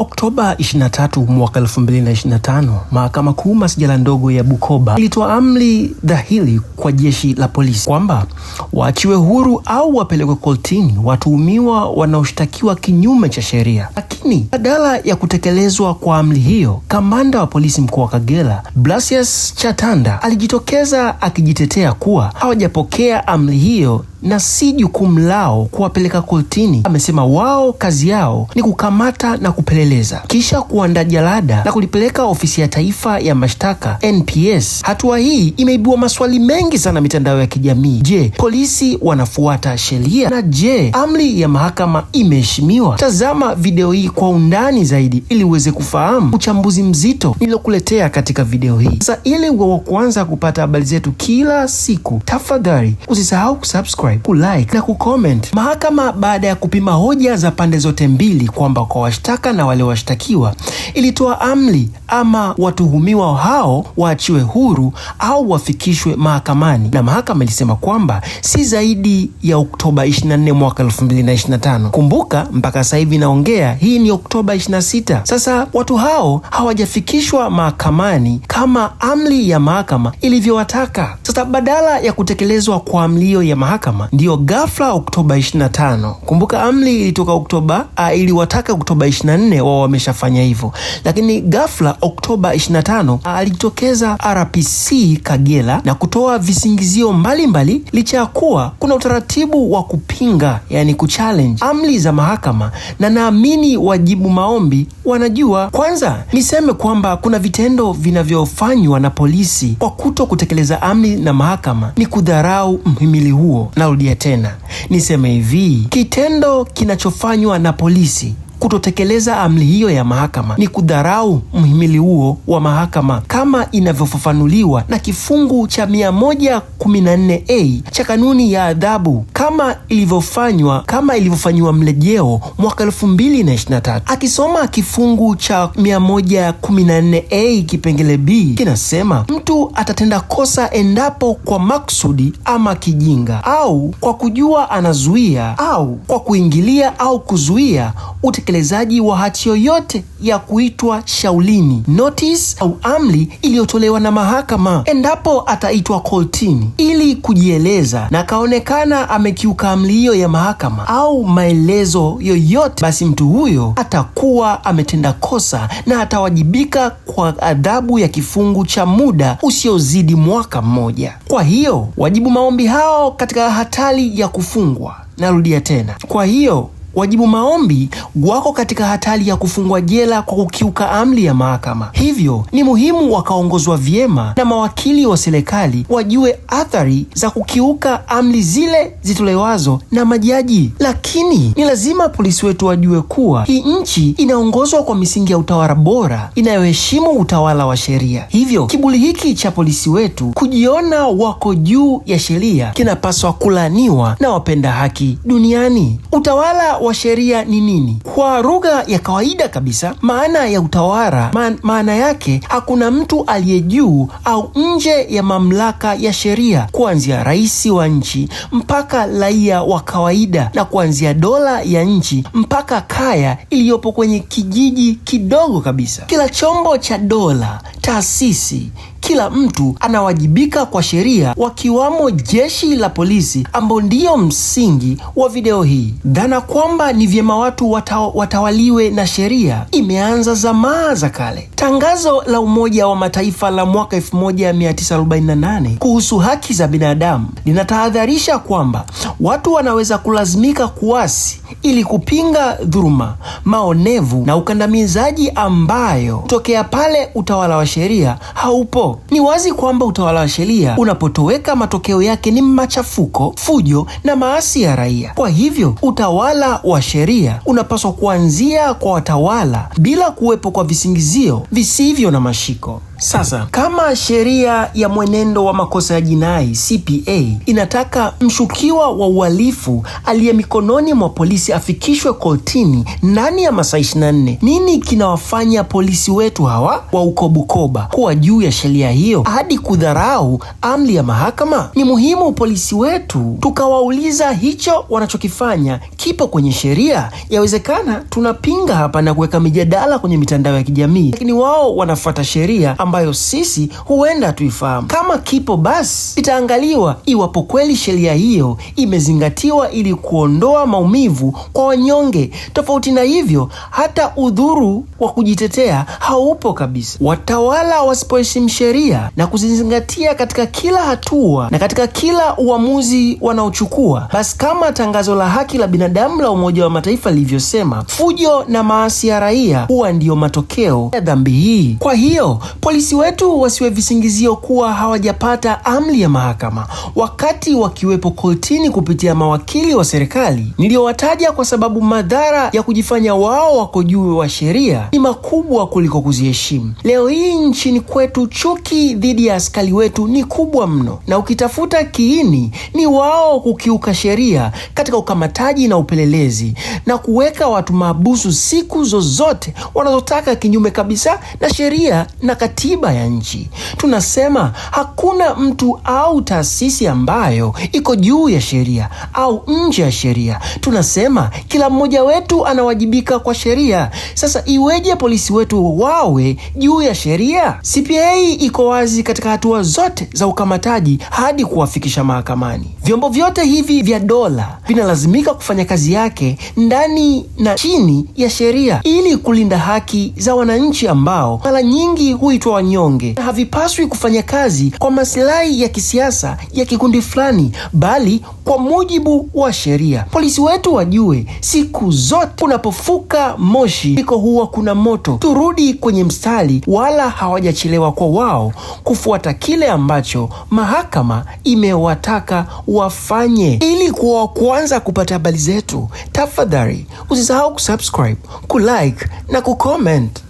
Oktoba 23 mwaka 2025, Mahakama Kuu Masjala ndogo ya Bukoba ilitoa amri dhahiri kwa jeshi la polisi kwamba waachiwe huru au wapelekwe koltini watuhumiwa wanaoshtakiwa kinyume cha sheria. Lakini badala ya kutekelezwa kwa amri hiyo, kamanda wa polisi mkoa wa Kagera Blasius Chatanda alijitokeza akijitetea kuwa hawajapokea amri hiyo na si jukumu lao kuwapeleka kortini. Amesema wao kazi yao ni kukamata na kupeleleza kisha kuandaa jalada na kulipeleka ofisi ya taifa ya mashtaka NPS. Hatua hii imeibua maswali mengi sana mitandao ya kijamii. Je, polisi wanafuata sheria? Na je, amri ya mahakama imeheshimiwa? Tazama video hii kwa undani zaidi ili uweze kufahamu uchambuzi mzito nilokuletea katika video hii. Sasa ili uwe wa kwanza kupata habari zetu kila siku, tafadhali usisahau kusubscribe kusubscribe, kulike na kucomment. Mahakama baada ya kupima hoja za pande zote mbili kwamba kwa washtaka na wale washtakiwa ilitoa amri ama watuhumiwa hao waachiwe huru au wafikishwe mahakamani. Na mahakama ilisema kwamba si zaidi ya Oktoba 24 mwaka 2025. Kumbuka mpaka sasa hivi naongea, hii ni Oktoba 26. Sasa watu hao hawajafikishwa mahakamani kama amri ya mahakama ilivyowataka. Sasa badala ya kutekelezwa kwa amlio ya mahakama, ndiyo ghafla Oktoba 25. Kumbuka amri ilitoka Oktoba, ah, iliwataka Oktoba 24 wao wameshafanya hivyo, lakini ghafla Oktoba 25 alijitokeza RPC Kagera na kutoa visingizio mbalimbali mbali, licha ya kuwa kuna utaratibu wa kupinga yani kuchallenge amri za mahakama, na naamini wajibu maombi wanajua. Kwanza niseme kwamba kuna vitendo vinavyofanywa na polisi kwa kuto kutekeleza amri na mahakama ni kudharau mhimili huo. Narudia tena niseme hivi, kitendo kinachofanywa na polisi Kutotekeleza amri hiyo ya mahakama ni kudharau mhimili huo wa mahakama kama inavyofafanuliwa na kifungu cha 114a cha kanuni ya adhabu kama ilivyofanywa kama ilivyofanyiwa mrejeo mwaka 2023. Akisoma kifungu cha 114a kipengele b kinasema, mtu atatenda kosa endapo kwa maksudi ama kijinga au kwa kujua anazuia au kwa kuingilia au kuzuia utekelezaji wa hati yoyote ya kuitwa shaulini, notice au amri iliyotolewa na mahakama, endapo ataitwa kotini ili kujieleza na akaonekana amekiuka amri hiyo ya mahakama au maelezo yoyote, basi mtu huyo atakuwa ametenda kosa na atawajibika kwa adhabu ya kifungu cha muda usiozidi mwaka mmoja. Kwa hiyo wajibu maombi hao katika hatari ya kufungwa. Narudia tena, kwa hiyo wajibu maombi wako katika hatari ya kufungwa jela kwa kukiuka amri ya mahakama. Hivyo ni muhimu wakaongozwa vyema na mawakili wa serikali wajue athari za kukiuka amri zile zitolewazo na majaji. Lakini ni lazima polisi wetu wajue kuwa hii nchi inaongozwa kwa misingi ya utawala bora inayoheshimu utawala wa sheria. Hivyo kiburi hiki cha polisi wetu kujiona wako juu ya sheria kinapaswa kulaaniwa na wapenda haki duniani. Utawala wa sheria ni nini? Kwa lugha ya kawaida kabisa, maana ya utawala maana yake hakuna mtu aliye juu au nje ya mamlaka ya sheria, kuanzia rais wa nchi mpaka raia wa kawaida, na kuanzia dola ya nchi mpaka kaya iliyopo kwenye kijiji kidogo kabisa. Kila chombo cha dola, taasisi kila mtu anawajibika kwa sheria, wakiwamo jeshi la polisi ambao ndiyo msingi wa video hii. Dhana kwamba ni vyema watu watawa, watawaliwe na sheria imeanza zamaa za kale. Tangazo la Umoja wa Mataifa la mwaka 1948 kuhusu haki za binadamu linatahadharisha kwamba watu wanaweza kulazimika kuasi ili kupinga dhuluma, maonevu na ukandamizaji ambayo tokea pale utawala wa sheria haupo. Ni wazi kwamba utawala wa sheria unapotoweka, matokeo yake ni machafuko, fujo na maasi ya raia. Kwa hivyo utawala wa sheria unapaswa kuanzia kwa watawala bila kuwepo kwa visingizio visivyo na mashiko. Sasa kama sheria ya mwenendo wa makosa ya jinai CPA inataka mshukiwa wa uhalifu aliye mikononi mwa polisi afikishwe kotini ndani ya masaa 24, nini kinawafanya polisi wetu hawa wa Ukobukoba kuwa juu ya sheria hiyo hadi kudharau amri ya mahakama? Ni muhimu polisi wetu tukawauliza hicho wanachokifanya kipo kwenye sheria. Yawezekana tunapinga hapa na kuweka mijadala kwenye mitandao ya kijamii, lakini wao wanafuata sheria ambayo sisi huenda tuifahamu. Kama kipo, basi itaangaliwa iwapo kweli sheria hiyo imezingatiwa ili kuondoa maumivu kwa wanyonge. Tofauti na hivyo, hata udhuru wa kujitetea haupo kabisa. Watawala wasipoheshimu sheria na kuzizingatia katika kila hatua na katika kila uamuzi wanaochukua, basi kama tangazo la haki la binadamu la Umoja wa Mataifa lilivyosema, fujo na maasi ya raia huwa ndiyo matokeo ya dhambi hii. Kwa hiyo Polisi wetu wasiwe visingizio kuwa hawajapata amri ya mahakama wakati wakiwepo kortini kupitia mawakili wa serikali niliyowataja, kwa sababu madhara ya kujifanya wao wako juu wa sheria ni makubwa kuliko kuziheshimu. Leo hii nchini kwetu chuki dhidi ya askari wetu ni kubwa mno, na ukitafuta kiini ni wao kukiuka sheria katika ukamataji na upelelezi na kuweka watu mahabusu siku zozote wanazotaka, kinyume kabisa na sheria na katiba katiba ya nchi tunasema hakuna mtu au taasisi ambayo iko juu ya sheria au nje ya sheria. Tunasema kila mmoja wetu anawajibika kwa sheria. Sasa iweje polisi wetu wawe juu ya sheria? CPA iko wazi katika hatua zote za ukamataji hadi kuwafikisha mahakamani. Vyombo vyote hivi vya dola vinalazimika kufanya kazi yake ndani na chini ya sheria ili kulinda haki za wananchi ambao mara nyingi huitwa wanyonge havipaswi kufanya kazi kwa masilahi ya kisiasa ya kikundi fulani, bali kwa mujibu wa sheria. Polisi wetu wajue siku zote kunapofuka moshi iko huwa kuna moto. Turudi kwenye mstari, wala hawajachelewa kwa wao kufuata kile ambacho mahakama imewataka wafanye. Ili kuwa kwanza kupata habari zetu, tafadhali usisahau kusubscribe, kulike na kucomment.